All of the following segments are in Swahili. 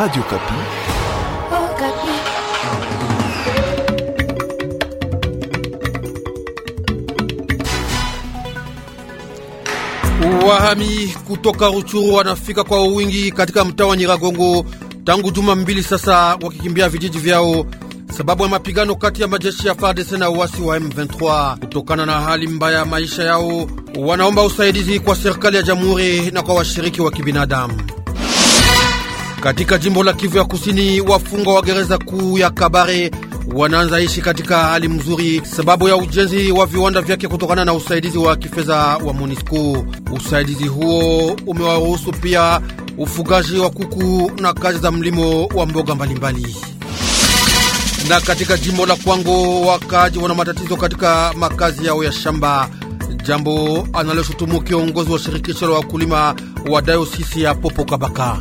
Radio Kapi. Oh, Kapi. Wahami kutoka Ruchuru wanafika kwa wingi katika mtaa wa Nyiragongo tangu juma mbili sasa, wakikimbia vijiji vyao sababu ya mapigano kati ya majeshi ya FARDC na uasi wa M23. Kutokana na hali mbaya ya maisha yao, wanaomba usaidizi kwa serikali ya jamhuri na kwa washiriki wa kibinadamu. Katika jimbo la Kivu ya Kusini, wafungwa wa gereza kuu ya Kabare wanaanza ishi katika hali mzuri sababu ya ujenzi wa viwanda vyake kutokana na usaidizi wa kifedha wa MONUSCO. Usaidizi huo umewaruhusu pia ufugaji wa kuku na kazi za mlimo wa mboga mbalimbali. Na katika jimbo la Kwango, wakaaji wana matatizo katika makazi yao ya shamba, jambo analoshutumu kiongozi wa shirikisho la wakulima wa dayosisi ya Popo Kabaka.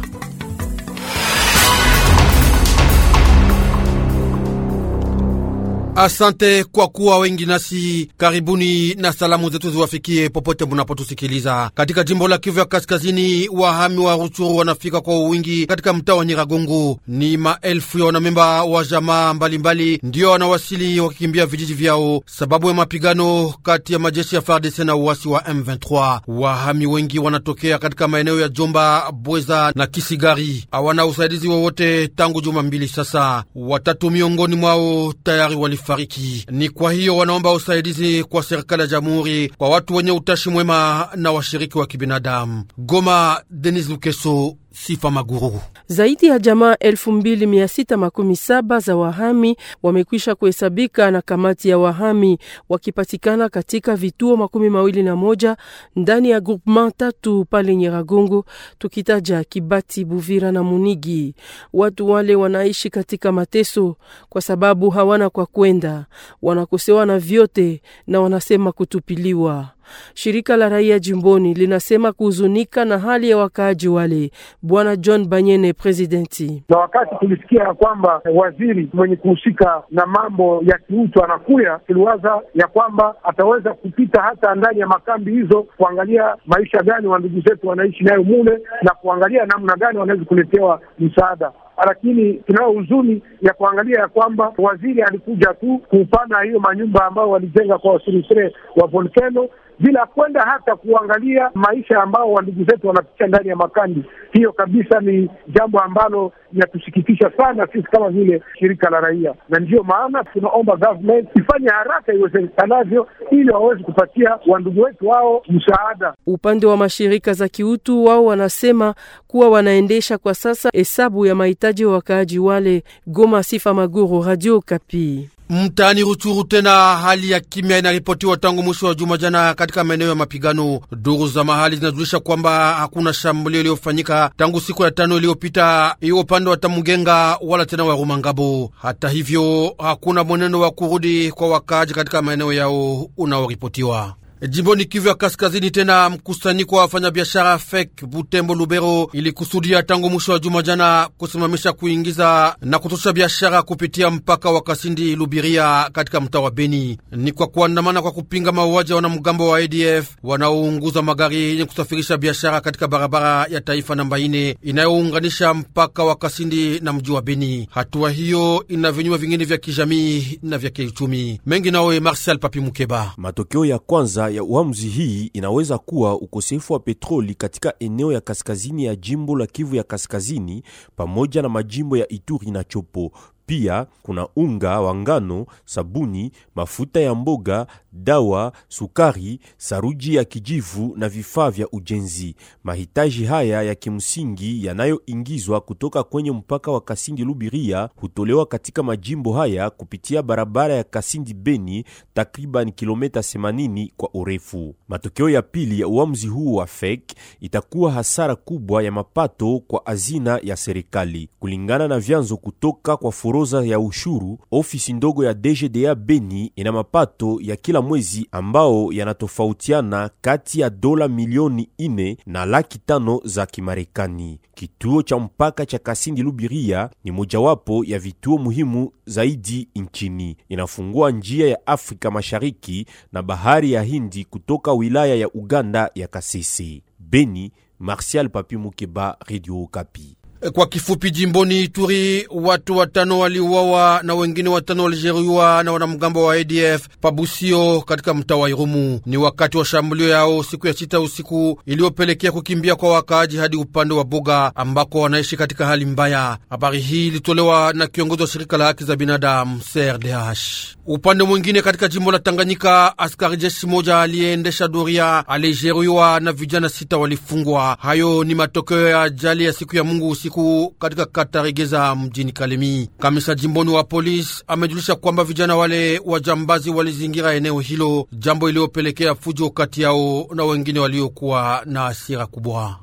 Asante kwa kuwa wengi nasi. Karibuni na salamu zetu ziwafikie popote munapotusikiliza. Katika jimbo la Kivu ya Kaskazini, wahami wa Ruchuru wanafika kwa uwingi katika mtaa wa Nyiragongo. Ni maelfu ya wanamemba wa jamaa mbalimbali ndiyo wanawasili wakikimbia vijiji vyao sababu ya mapigano kati ya majeshi ya FARDC na uasi wa M23. Wahami wengi wanatokea katika maeneo ya Jomba, Bweza na Kisigari. Hawana usaidizi wowote tangu juma mbili sasa. Watatu miongoni mwao tayari wali walifariki. Ni kwa hiyo wanaomba usaidizi kwa serikali ya jamhuri, kwa watu wenye utashi mwema na washiriki wa kibinadamu. Goma, Denis Lukeso, Sifa Magururu. Zaidi ya jamaa elfu mbili mia sita makumi saba za wahami wamekwisha kuhesabika na kamati ya wahami wakipatikana katika vituo makumi mawili na moja ndani ya groupement tatu pale Nyiragongo, tukitaja Kibati, Buvira na Munigi. Watu wale wanaishi katika mateso kwa sababu hawana kwa kwenda, wanakosewa na vyote na wanasema kutupiliwa. Shirika la raia jimboni linasema kuhuzunika na hali ya wakaaji wale. Bwana John Banyene, presidenti: na wakati tulisikia ya kwamba waziri mwenye kuhusika na mambo ya kiutu anakuya, tuliwaza ya kwamba ataweza kupita hata ndani ya makambi hizo kuangalia maisha gani wa ndugu zetu wanaishi nayo mule na kuangalia namna gani wanaweza kuletewa msaada lakini tunayo huzuni ya kuangalia ya kwamba waziri alikuja tu kupana hiyo manyumba ambao walijenga kwa wasirisire wa volcano bila kwenda hata kuangalia maisha ambao wandugu zetu wanapitia ndani ya makandi hiyo. Kabisa ni jambo ambalo linatusikitisha sana sisi kama vile shirika la raia, na ndiyo maana tunaomba government ifanye haraka iwezekanavyo, ili waweze kupatia wandugu wetu wao msaada. Upande wa mashirika za kiutu, wao wanasema kuwa wanaendesha kwa sasa hesabu ya mahitaji msikilizaji wa wakaaji wale Goma. Sifa Maguru, Radio Kapi. Mtaani Ruchuru tena hali ya kimya inaripotiwa tangu mwisho wa juma jana katika maeneo ya mapigano. Duru za mahali zinajulisha kwamba hakuna shambulio iliyofanyika tangu siku ya tano iliyopita, iwo upande wa Tamugenga wala tena wa Rumangabo. Hata hivyo, hakuna mwenendo wa kurudi kwa wakaaji katika maeneo yao unaoripotiwa. E, jimboni Kivu ya Kaskazini, tena mkusanyiko wa wafanyabiashara FEK Butembo Lubero ilikusudia tangu mwisho wa juma jana kusimamisha kuingiza na kutosha biashara kupitia mpaka wa Kasindi Lubiria katika mtaa wa Beni. Ni kwa kuandamana kwa kupinga mauaji ya wanamgambo wa ADF wanaounguza magari yenye kusafirisha biashara katika barabara ya taifa namba ine inayounganisha mpaka wa Kasindi na mji wa Beni. Hatua hiyo ina vinyuma vingine vya kijamii na vya kiuchumi mengi. Nawe Marsial Papi Mukeba, matokeo ya kwanza ya uamuzi hii inaweza kuwa ukosefu wa petroli katika eneo ya kaskazini ya jimbo la Kivu ya kaskazini pamoja na majimbo ya Ituri na Chopo. Pia kuna unga wa ngano, sabuni, mafuta ya mboga dawa, sukari, saruji ya kijivu na vifaa vya ujenzi. Mahitaji haya ya kimsingi yanayoingizwa kutoka kwenye mpaka wa Kasindi Lubiria hutolewa katika majimbo haya kupitia barabara ya Kasindi Beni, takriban kilomita 80 kwa urefu. Matokeo ya pili ya uamuzi huu wa FEC itakuwa hasara kubwa ya mapato kwa hazina ya serikali, kulingana na vyanzo kutoka kwa foroza ya ushuru. Ofisi ndogo ya DGDA Beni ina mapato ya kila kila mwezi ambao yanatofautiana kati ya dola milioni ine na laki tano za Kimarekani. Kituo cha mpaka cha Kasindi Lubiria ni mojawapo ya vituo muhimu zaidi nchini. Inafungua njia ya Afrika Mashariki na bahari ya Hindi kutoka wilaya ya Uganda ya Kasese. Beni, Martial Papi Mukeba, Radio Okapi. Kwa kifupi, jimboni Ituri watu watano waliuawa na wengine watano walijeruhiwa na wanamgambo wa ADF Pabusio katika mtaa wa Irumu ni wakati wa shambulio yao siku ya sita usiku iliyopelekea kukimbia kwa wakaaji hadi upande wa Boga ambako wanaishi katika hali mbaya. Habari hii ilitolewa na kiongozi wa shirika la haki za binadamu CRDH. Upande mwingine, katika jimbo la Tanganyika, askari jeshi moja aliyeendesha doria alijeruhiwa na vijana sita walifungwa. Hayo ni matokeo ya ajali ya siku ya Mungu usiku siku katika kata Regeza mjini Kalemi. Kamisa jimboni wa polisi amejulisha kwamba vijana wale wajambazi walizingira eneo hilo, jambo iliyopelekea fujo kati yao na wengine waliokuwa na hasira kubwa.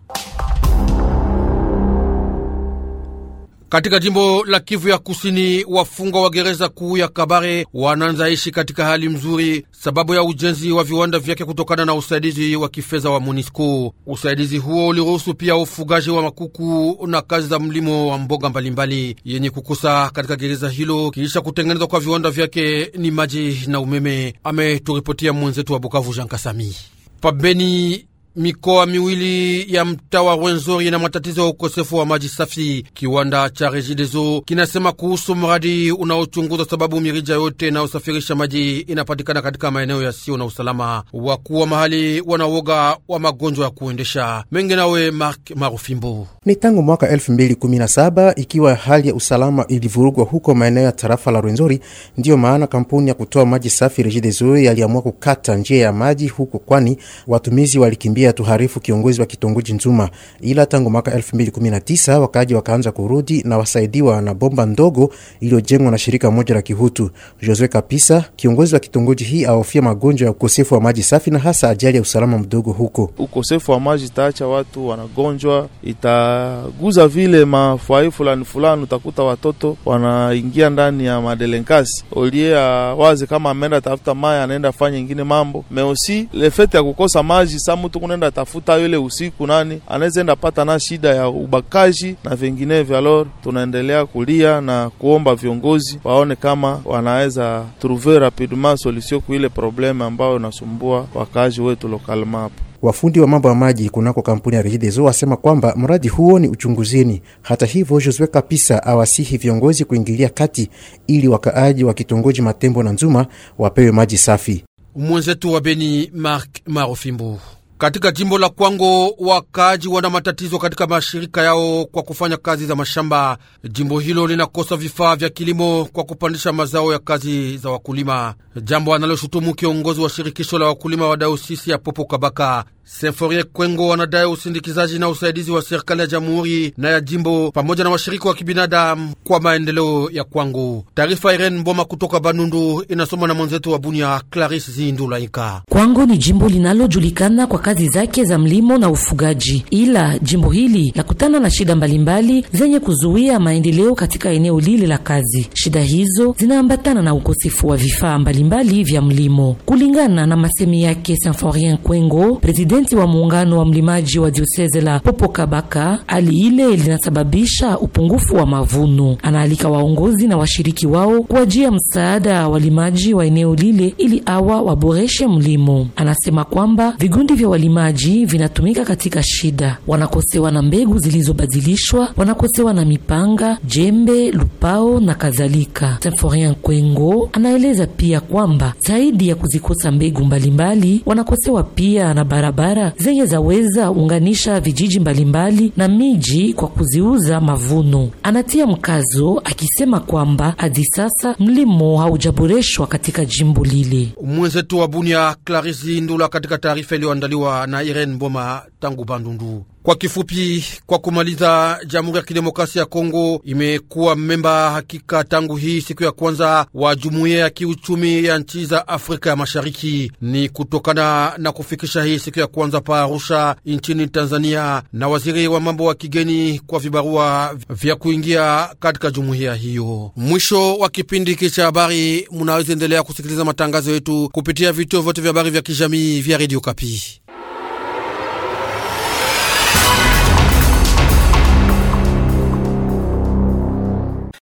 Katika jimbo la Kivu ya Kusini, wafungwa wa gereza kuu ya Kabare wanaanza ishi katika hali mzuri sababu ya ujenzi wa viwanda vyake kutokana na usaidizi wa kifedha wa MONUSCO. Usaidizi huo uliruhusu pia ufugaji wa makuku na kazi za mlimo wa mboga mbalimbali mbali. Yenye kukosa katika gereza hilo kiisha kutengenezwa kwa viwanda vyake ni maji na umeme. Ameturipotia mwenzetu wa Bukavu, Jean Kasami Pabeni mikoa miwili ya mtawa Rwenzori ina matatizo ya ukosefu wa maji safi. Kiwanda cha Regideso kinasema kuhusu mradi unaochunguza sababu mirija yote inayosafirisha maji inapatikana katika maeneo yasiyo na usalama. Wakuu wa mahali wanawoga wa magonjwa ya kuendesha mengi. Nawe Mark Marufimbo, ni tangu mwaka 2017 ikiwa hali ya usalama ilivurugwa huko maeneo ya tarafa la Rwenzori, ndiyo maana kampuni ya kutoa maji safi Regideso yaliamua kukata njia ya maji huko, kwani watumizi walikimbia kuendelea tuharifu kiongozi wa kitongoji Nzuma. Ila tangu mwaka 2019 wakaaji wakaanza kurudi na wasaidiwa na bomba ndogo iliyojengwa na shirika moja la Kihutu. Josue Kapisa, kiongozi wa kitongoji hii, ahofia magonjwa ya ukosefu wa maji safi na hasa ajali ya usalama mdogo huko. Ukosefu wa maji itaacha watu wanagonjwa, itaguza vile mafuai fulani fulani, utakuta watoto wanaingia ndani ya madelenkasi olie awazi kama ameenda tafuta maya, anaenda fanya ingine mambo meosi lefete ya kukosa maji sa mutu unaenda tafuta yule usiku, nani anaweza enda pata na shida ya ubakaji na vinginevyo. Alor, tunaendelea kulia na kuomba viongozi waone kama wanaweza trouver rapidement solution kwa ile probleme ambayo inasumbua wakazi wetu local hapo. Wafundi wa mambo ya maji kunako kampuni ya Regideso wasema kwamba mradi huo ni uchunguzini. Hata hivyo, Josue Kapisa awasihi viongozi kuingilia kati ili wakaaji wa kitongoji Matembo na Nzuma wapewe maji safi. Mwenzetu wa Beni Mark Marofimbo katika jimbo la Kwango wakaaji wana matatizo katika mashirika yao kwa kufanya kazi za mashamba. Jimbo hilo linakosa vifaa vya kilimo kwa kupandisha mazao ya kazi za wakulima, jambo analoshutumu kiongozi wa shirikisho la wakulima wa dayosisi ya Popo Kabaka. Senforie Kwengo wanadai usindikizaji na usaidizi wa serikali ya jamhuri na ya jimbo pamoja na washirika wa kibinadamu kwa maendeleo ya Kwango. Taarifa Irene Mboma kutoka Banundu inasoma na mwenzetu wa Bunia Clarisse Zindulaika. Kwango ni jimbo linalojulikana kwa kazi zake za mlimo na ufugaji, ila jimbo hili lakutana na shida mbalimbali zenye kuzuia maendeleo katika eneo lile la kazi. Shida hizo zinaambatana na ukosefu wa vifaa mbalimbali vya mlimo, kulingana na masemi yake Sanforien Kwengo, presidenti wa muungano wa mlimaji wa dioseze la Popokabaka. Hali ile linasababisha upungufu wa mavuno. Anaalika waongozi na washiriki wao kuajia msaada wa walimaji wa eneo lile ili awa waboreshe mlimo. Anasema kwamba vigundi vya walimaji vinatumika katika shida. Wanakosewa na mbegu zilizobadilishwa, wanakosewa na mipanga, jembe, lupao na kadhalika. Symphorien Kwengo anaeleza pia kwamba zaidi ya kuzikosa mbegu mbalimbali mbali, wanakosewa pia na barabara zenye zaweza unganisha vijiji mbalimbali mbali na miji kwa kuziuza mavuno. Anatia mkazo akisema kwamba hadi sasa mlimo haujaboreshwa katika jimbo lile. Mwenzetu wa Bunia Clarisi Ndula katika taarifa iliyoandaliwa kutolewa na Irene Mboma tangu Bandundu. Kwa kifupi, kwa kumaliza, Jamhuri ya Kidemokrasia ya Kongo imekuwa memba hakika tangu hii siku ya kwanza wa Jumuiya ya Kiuchumi ya Nchi za Afrika ya Mashariki. Ni kutokana na kufikisha hii siku ya kwanza pa Arusha nchini Tanzania na waziri wa mambo wa kigeni kwa vibarua vya kuingia katika jumuiya hiyo. Mwisho wa kipindi hiki cha habari, munaweza endelea kusikiliza matangazo yetu kupitia vituo vyote vya habari vya kijamii vya Radio Kapi.